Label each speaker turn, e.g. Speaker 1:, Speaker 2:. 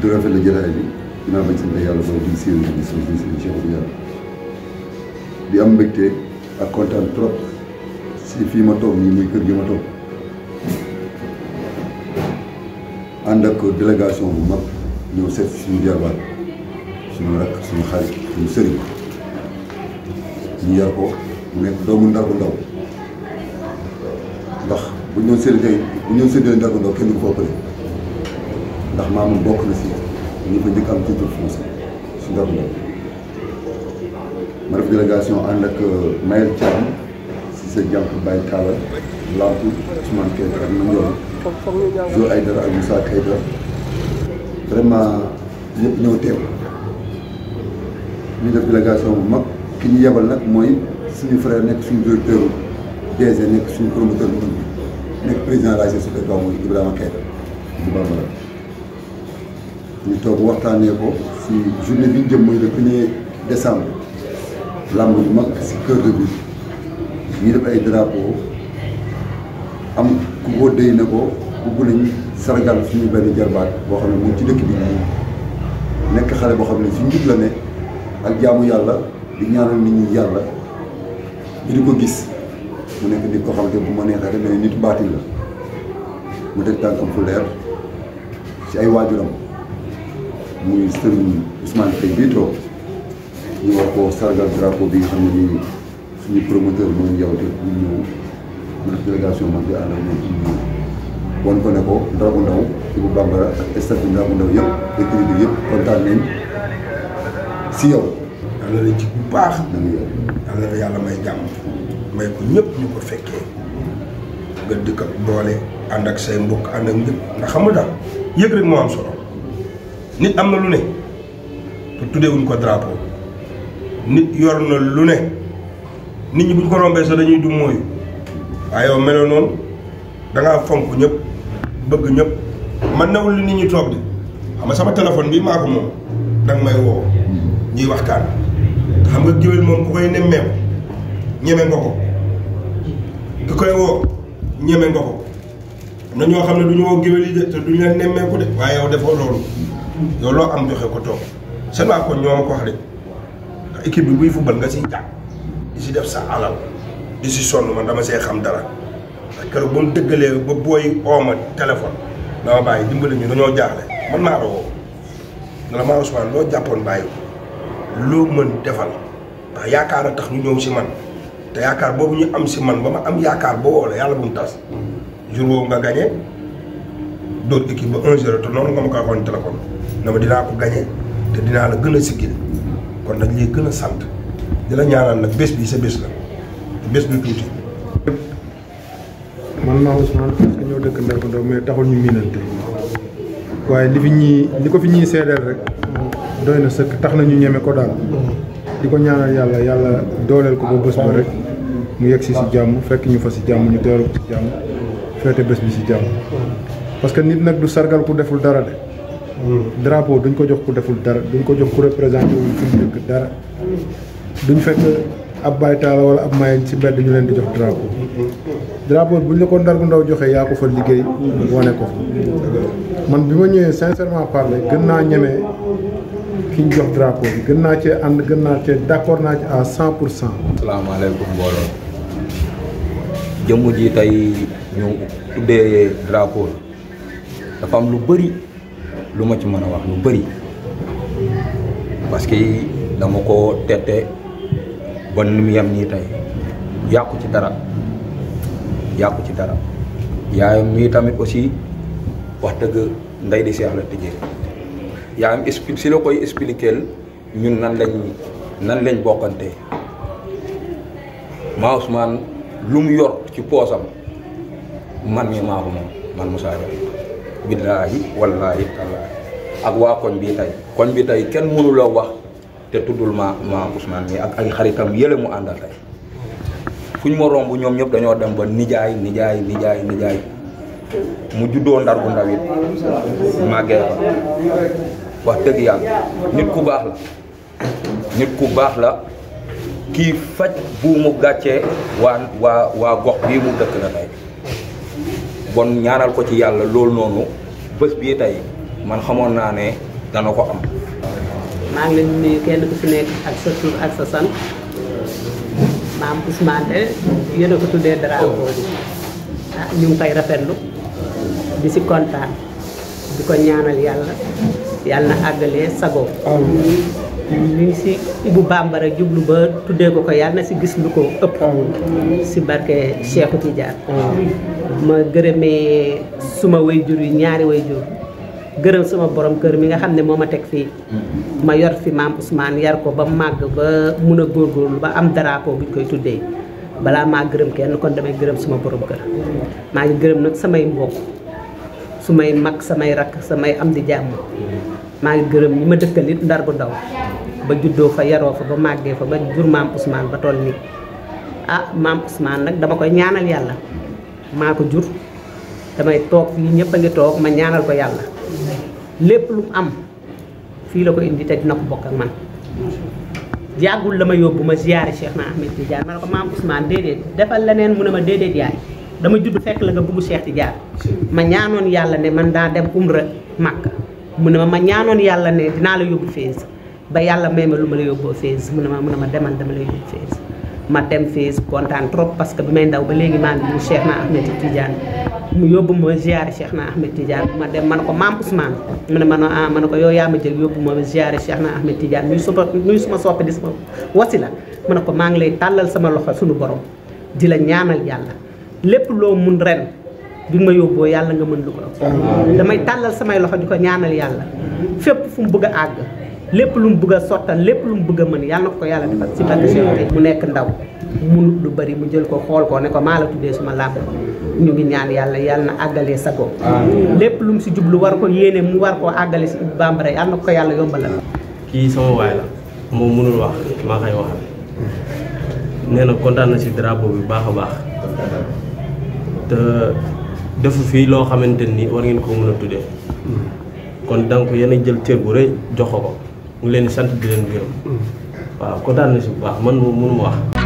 Speaker 1: du rafet la jataay bi dinaa bañ sant yàlla ba di séenu di soo si seen Cheikh Oumar di am mbégte ak kontaan trop si fii ma toog nii muy kër gi ma toog ànd ak délégation bu mag ñëw seet suñu jarbaat suñu rakk suñu xarit suñu sëriñ ñu yar ko nekk doomu ndar bu ndaw ndax bu ñëw séddee bu ñëw séddee ndar bu ndaw kenn du ko ëppale ndax maamu bokk na fi ñi ko njëkk am titre foncier si Ngor Ndeye ma def délégation ànd ak euh, Mayel Thiam si sa jànk Baye Kala Lamp Ousmane Keita ak na
Speaker 2: Ndiol Jo Aydara
Speaker 1: ak Moussa Keita vraiment ñëpp ñëw teew ñu def délégation bu mag ki ñu yebal nag mooy suñu frère nekk suñu directeur DG nekk suñu promoteur bu nekk président rajo Sopé Ba mooy Ibrahima Keita bu ñu toog waxtaanee ko si journée bi ñu jëm mooy le premier décembre làmb bu mag ci cœur de ville ñu def ay drapeaux am ku ko déy na ko bugg nañ sargal suñu benn jarbaat boo xam ne moom ci dëkk bi nii nekk xale boo xam ne si njub la ne ak jaamu yàlla di ñaanal nit yàlla ñu di ko gis mu nekk nit ko xam ne bu ma neexee rek nit baatin la mu teg tànkam fu ci ay waajuram muy sëriñ Ousmane Faye bii toog ñu war koo sargal drapeau bi nga xam ne nii suñu promoteur mooy yow te ñu ñëw ndax délégation un di ànd ak moom ñu ñëw wan ko ne ko Ndramou Ndaw ci bu Bambara ak staff bi Ndramou Ndaw yëpp équipe bi yëpp kontaan nañ si yow a lañ ci bu baax
Speaker 2: nañu yow a la yàlla may jàmm may ko ñëpp ñu ko doole ànd say mbokk ànd ak ñëpp ndax xam nga rek moo am solo nit am na lu ne te tuddewuñ ko drapeau nit yor na lu ne nit ñi buñ ko rombee sax dañuy du mooyu waaye yow meloo noonu dangaa fonk ñëpp bëgg ñëpp man nawul li nit ñi toog di xam nga sama téléphone bi maa ko moom waxtaan xam nga géwél moom ku koy nemmeeku ñeme nga ko ku koy woo ñeme nga ko am na ñoo xam ne du ñu woo géwél yi de te du ñu leen nemmeeku de waaye yow defoo loolu yow loo am joxe ko toog seen waa ko ñoo ma ko wax rek ndax bi buy football nga si jàpp di si def sa alal di si sonn ma dama see xam dara parce que bu mu dëggalee ba booy ooma téléphone dama bàyyi dimbali ñu dañoo jaaxle man maa la woo ne la maa Ousmane loo jàppoon bàyyi loo mën defal ndax yaakaar a tax ñu ñëw si man te yaakaar boobu ñu am si man ba ma am yaakaar boo la yàlla bu mu tas jour nga gagné dóor équipe ba 1-0 te noonu nga ma koy waxoon na ma dinaa ko gañe te dinaa la gën a siggil kon nag lii gën a sant di la ñaanal nag bés bi sa bés la bés du tuuti. man maa Ousmane parce que ñoo dëkk Ndargou Ndaw mais taxul ñu miinante waaye li fi ñii li ko fi ñii seedeel rek doy na sëkk tax na ñu ñeme ko daal di ko ñaanal yàlla yàlla dooleel ko ba bés ba rek mu yegg si si jàmm fekk ñu fa si jàmm ñu dooleel ko si jàmm feete bés bi si jàmm parce que nit nag du sargal ku deful dara de. drapeau duñ ko jox ku deful dara duñ ko jox ku représenté wuñ fi mu dëkk dara duñ fekk ab baytaala wala ab mayen ci mbedd ñu leen di jox drapeau drapeau buñ la ko ndar ndaw joxe yaa ko fa liggéey wane ko fa man bi ma ñëwee sincèrement parlé gën naa ñemee ki jox drapeau bi gën naa cee ànd gën naa cee d'accord naa ci à cent pour cent
Speaker 3: asalaamaaleykum mbooloo jëmm ji tey ñu tuddee drapeau dafa am lu bari lu ma ci mën a wax lu bëri parce que dama ko tette ba nu mu yem nii tey yàqu ci dara yàqu ci dara yaayam mii tamit aussi wax dëgg ndey di seex la tëjee yaayam si la koy expliquer ñun nan lañ nan lañ bokkante maa Ousmane lu mu yor ci poosam man mi maa moom man Moussa Diagne billaahi wallaahi tallaahi ak waa koñ bi tey koñ bi tey kenn mënu wax te tuddul ma ma Ousmane mi ak ay xaritam yële mu àndal tey fu ñu ma romb ñoom ñëpp dañoo dem ba nijaay nijaay nijaay nijaay mu juddoo ndar bu ndaw it màggee fa wax dëgg yàlla nit ku baax la nit ku baax la kii faj bu mu gàccee waa waa waa gox bii mu dëkk la tey bon ñaanal ko ci yàlla loolu noonu bés bii tey man xamoon naa ne dana ko am.
Speaker 4: maa ngi leen di kenn ku ci nekk ak sa tur ak sa sant maam Ousmane de ko tuddee drapeau bi oh. ah ñu ngi koy rafetlu di si kontaan di ko ñaanal yàlla yàlla na àggalee sago. li si ibu Bambara jublu ba tuddee ko ko yàlla si gis lu ko ëpp si barke Cheikhu Tidiane hmm. ma gërëmee suma wayjur yi ñaari wayjur gërëm sama borom kër mi nga xam ne moo ma hmm. ma yor fi maam Ousmane yar ko ba màgg ba mun a ba am drapeau buñ koy tuddee balaa maa gërëm kenn kon damay gërëm suma borom kër Ma ngi gërëm nag samay mbokk sumay mag samay rak samay am di jàmm hmm. maa ngi gërëm ñi ma ndar bu ndaw ba juddo fa yaro fa ba mampus fa ba jur mam mampus ba tol ni ah mam Ousmane nak dama koy ñaanal yalla mako jur damay tok fi ñepp nga tok ma ñaanal ko yalla lepp lu am fi la ko indi te dina ak man yagul lama yobbu ma ziaré Cheikh na Ahmed Tidiane man ko mam Ousmane déedéet defal leneen mu ne ma déedéet yaay dama judd fekk la nga bëgg Cheikh Tidiane ma ñaanon yalla ne man da dem umra Makka mu ne ma ñaanon yalla ne dina la yobbu fees ba yalla may ma lu ma la yóbboo fees ma muna ma demal dama lay yobbo fees ma dem fees contane trop parce que bi may ndaw ba legui maa ngi Cheikh na Ahmed Tidiane mu yobbu ma ziar Cheikh Ahmed Tidiane ma dem ma ko mam ah, Ousmane ma ne ah ma ko yo ya ma jël yobbu ma ziar Cheikh na Ahmed Tidiane ñuy suma ñuy suma wasila, dis ma wasi la ko ma ngi lay sama loxo sunu borom di ñaanal yalla lepp lo mun ren talal ma yóbboo nga mën lu ko damay talal sama loxo di ñaanal yalla fepp fu mu bëgg ag lepp lu mu bëgg a lepp lu mu bëgg mëne yalla ko yalla defal si barke tay mu nekk ndaw nu du bari mu jël ko xol ko ne ko mala tuddé suma lamb ñu ngi ñaan yalla yalla na agalé sa ko lu mu si jublu war ko yene mu war ko agalé ci bambara yalla ko yalla yombal
Speaker 3: ki sama way la mo mënul wax ma xay wax néna na ci na drapeau bi baaxa baax te def fi lo xamanteni ni war ngeen ko mëna tuddé hmm. kon dank yéen jël cër bu reuy joxoko ngi leen sant di leen gërëm mm. waaw kontaan na si bu baax man moom
Speaker 1: mënuma wax